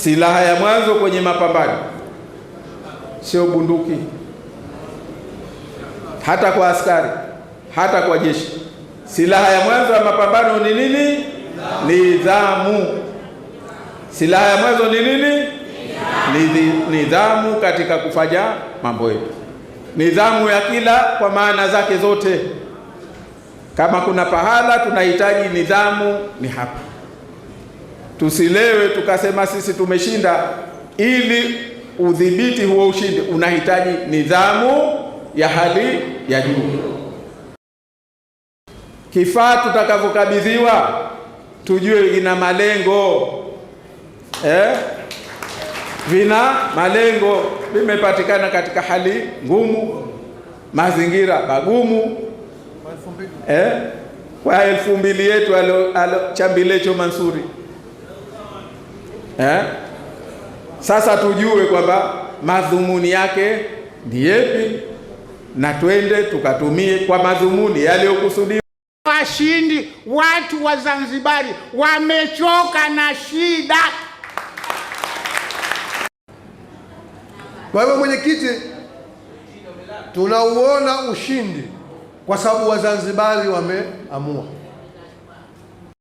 Silaha ya mwanzo kwenye mapambano sio bunduki, hata kwa askari, hata kwa jeshi. Silaha ya mwanzo ya mapambano ni nini? Nidhamu. Silaha ya mwanzo ni nini? Nidhamu katika kufanya mambo yetu, nidhamu ya kila kwa maana zake zote. Kama kuna pahala tunahitaji nidhamu, ni hapa. Tusilewe tukasema sisi tumeshinda. Ili udhibiti huo ushindi, unahitaji nidhamu ya hali ya juu. Kifaa tutakavyokabidhiwa tujue ina malengo eh? Vina malengo, vimepatikana katika hali ngumu, mazingira magumu eh? Kwa elfu mbili yetu alochambilecho Mansuri eh? Sasa tujue kwamba madhumuni yake ni yepi na twende tukatumie kwa madhumuni yaliyokusudiwa. Washindi, watu wa Zanzibari wamechoka na shida. Kwa hivyo, mwenyekiti, tunauona ushindi kwa sababu Wazanzibari wameamua.